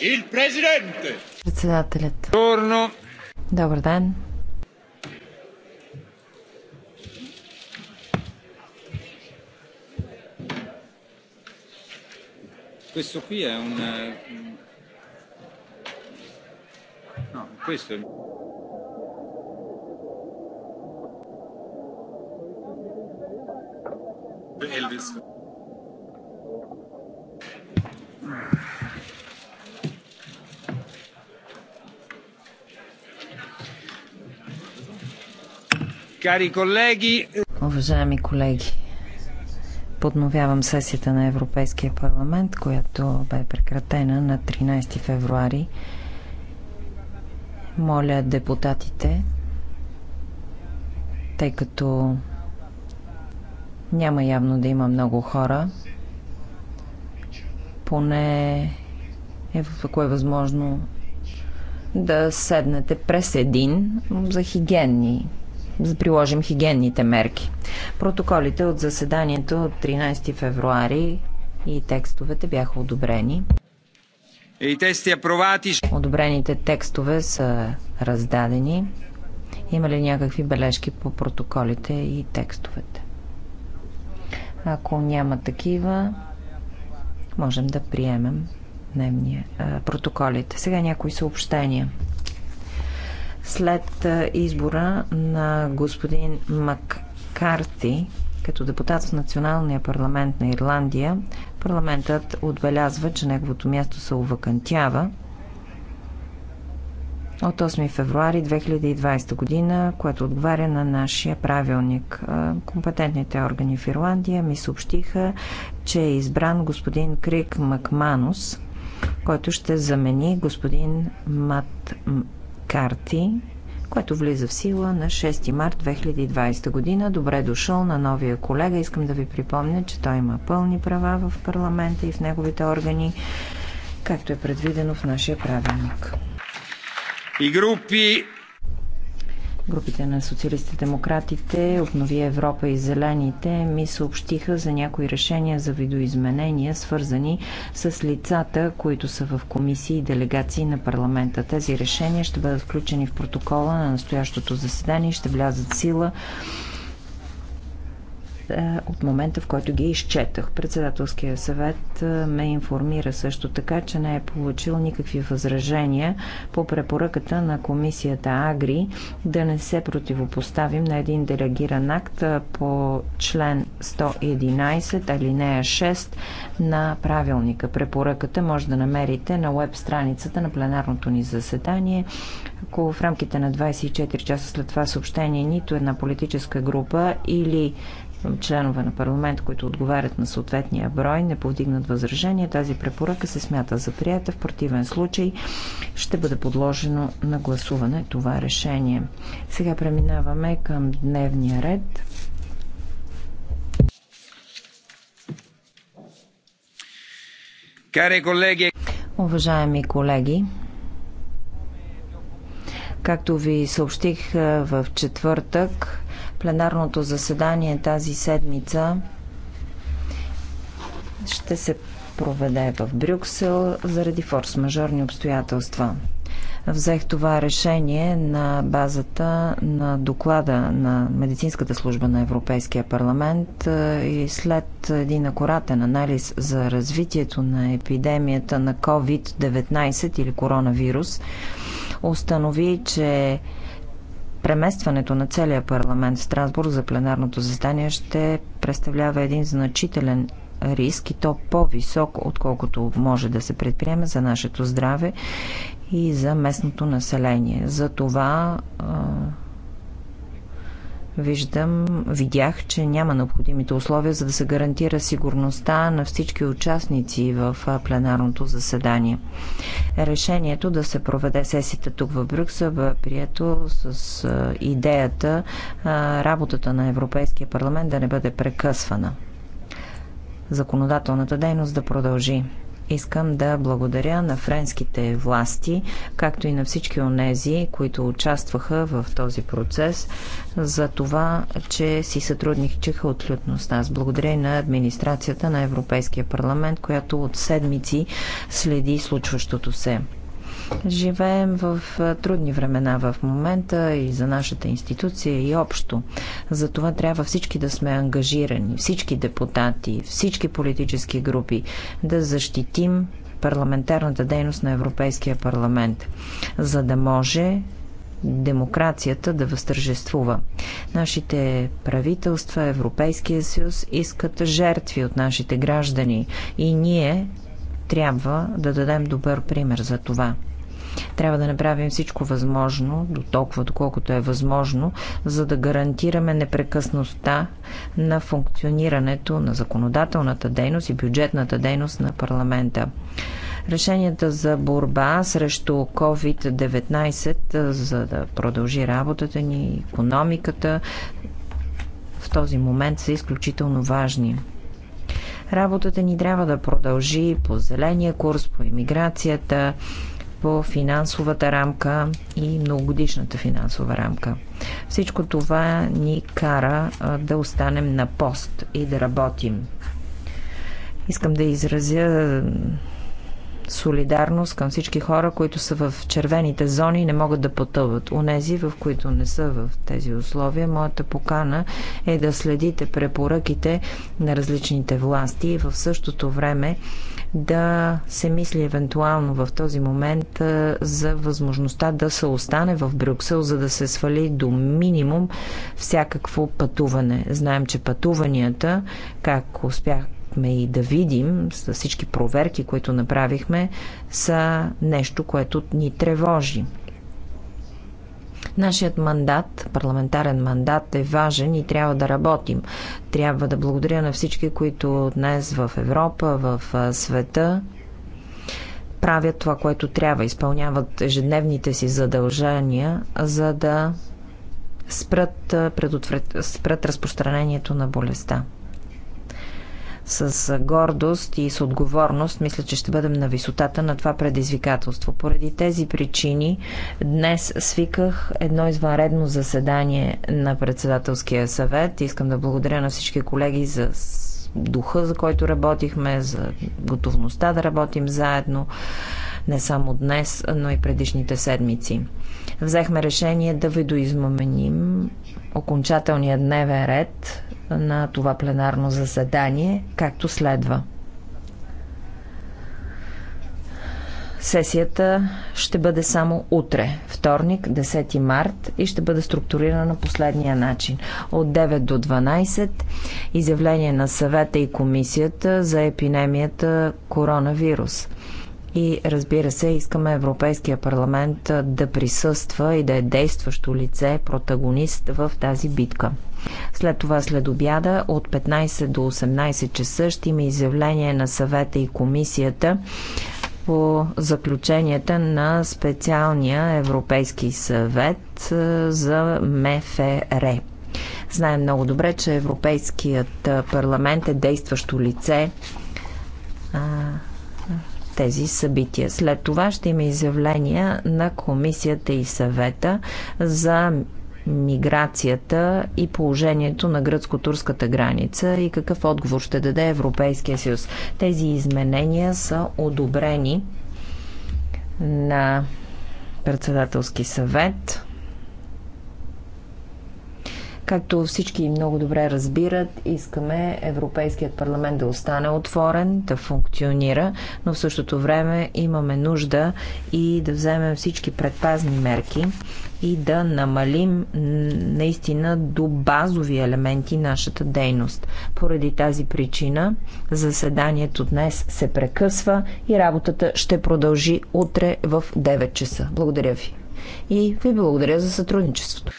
Il Председателят. Добър ден. Questo qui è un... No, questo è... Elvis. Уважаеми колеги, подновявам сесията на Европейския парламент, която бе прекратена на 13 февруари. Моля депутатите, тъй като няма явно да има много хора, поне е, ако е възможно, да седнете през един за хигиенни да приложим хигиенните мерки. Протоколите от заседанието от 13 февруари и текстовете бяха одобрени. И сте апровати. Одобрените текстове са раздадени. Има ли някакви бележки по протоколите и текстовете? Ако няма такива, можем да приемем дневния, а, протоколите. Сега някои съобщения. След избора на господин Маккарти като депутат в Националния парламент на Ирландия, парламентът отбелязва, че неговото място се увакантява от 8 февруари 2020 година, което отговаря на нашия правилник. Компетентните органи в Ирландия ми съобщиха, че е избран господин Крик Макманус, който ще замени господин Мат карти, което влиза в сила на 6 март 2020 година. Добре дошъл на новия колега. Искам да ви припомня, че той има пълни права в парламента и в неговите органи, както е предвидено в нашия правилник. И групи Групите на социалистите-демократите, Обнови Европа и Зелените ми съобщиха за някои решения за видоизменения, свързани с лицата, които са в комисии и делегации на парламента. Тези решения ще бъдат включени в протокола на настоящото заседание и ще влязат в сила е, от момента, в който ги изчетах. Председателския съвет е, ме информира също така, че не е получил никакви възражения по препоръката на комисията Агри да не се противопоставим на един делегиран акт е, по член 111, алинея 6 на правилника. Препоръката може да намерите на веб страницата на пленарното ни заседание. Ако в рамките на 24 часа след това съобщение нито една политическа група или членове на парламент, които отговарят на съответния брой, не повдигнат възражение, тази препоръка се смята за прията. В противен случай ще бъде подложено на гласуване това решение. Сега преминаваме към дневния ред. Кари колеги! Уважаеми колеги, както ви съобщих в четвъртък, Пленарното заседание тази седмица ще се проведе в Брюксел заради форс-мажорни обстоятелства. Взех това решение на базата на доклада на Медицинската служба на Европейския парламент е, и след един акуратен анализ за развитието на епидемията на COVID-19 или коронавирус, установи, че Преместването на целия парламент в Страсбург за пленарното заседание ще представлява един значителен риск и то по-висок, отколкото може да се предприеме за нашето здраве и за местното население. За това виждам, видях, че няма необходимите условия, за да се гарантира сигурността на всички участници в пленарното заседание. Решението да се проведе сесията тук в Брюксел бе прието с идеята работата на Европейския парламент да не бъде прекъсвана. Законодателната дейност да продължи. Искам да благодаря на френските власти, както и на всички онези, които участваха в този процес, за това, че си сътрудничаха отлютно с нас. Благодаря и на администрацията на Европейския парламент, която от седмици следи случващото се. Живеем в трудни времена в момента и за нашата институция и общо. За това трябва всички да сме ангажирани, всички депутати, всички политически групи, да защитим парламентарната дейност на Европейския парламент, за да може демокрацията да възтържествува. Нашите правителства, Европейския съюз искат жертви от нашите граждани и ние трябва да дадем добър пример за това. Трябва да направим всичко възможно, до толкова доколкото е възможно, за да гарантираме непрекъсността на функционирането на законодателната дейност и бюджетната дейност на парламента. Решенията за борба срещу COVID-19, за да продължи работата ни, економиката, в този момент са изключително важни. Работата ни трябва да продължи по зеления курс, по иммиграцията, по финансовата рамка и многогодишната финансова рамка. Всичко това ни кара да останем на пост и да работим. Искам да изразя солидарност към всички хора, които са в червените зони и не могат да потъват. Онези, в които не са в тези условия, моята покана е да следите препоръките на различните власти и в същото време да се мисли евентуално в този момент за възможността да се остане в Брюксел, за да се свали до минимум всякакво пътуване. Знаем, че пътуванията, как успях успяхме и да видим с всички проверки, които направихме, са нещо, което ни тревожи. Нашият мандат, парламентарен мандат е важен и трябва да работим. Трябва да благодаря на всички, които днес в Европа, в света правят това, което трябва, изпълняват ежедневните си задължения, за да спрат, предотврат... спрат разпространението на болестта с гордост и с отговорност, мисля, че ще бъдем на висотата на това предизвикателство. Поради тези причини днес свиках едно извънредно заседание на председателския съвет. Искам да благодаря на всички колеги за духа, за който работихме, за готовността да работим заедно не само днес, но и предишните седмици. Взехме решение да видоизменим окончателния дневен ред на това пленарно заседание, както следва. Сесията ще бъде само утре, вторник, 10 март и ще бъде структурирана на последния начин. От 9 до 12 изявление на съвета и комисията за епидемията коронавирус – и разбира се, искаме Европейския парламент да присъства и да е действащо лице, протагонист в тази битка. След това след обяда от 15 до 18 часа ще има изявление на съвета и комисията по заключенията на специалния Европейски съвет за МФР. Знаем много добре, че Европейският парламент е действащо лице тези събития. След това ще има изявления на комисията и съвета за миграцията и положението на гръцко-турската граница и какъв отговор ще даде Европейския съюз. Тези изменения са одобрени на председателски съвет Както всички много добре разбират, искаме Европейският парламент да остане отворен, да функционира, но в същото време имаме нужда и да вземем всички предпазни мерки и да намалим наистина до базови елементи нашата дейност. Поради тази причина заседанието днес се прекъсва и работата ще продължи утре в 9 часа. Благодаря ви. И ви благодаря за сътрудничеството.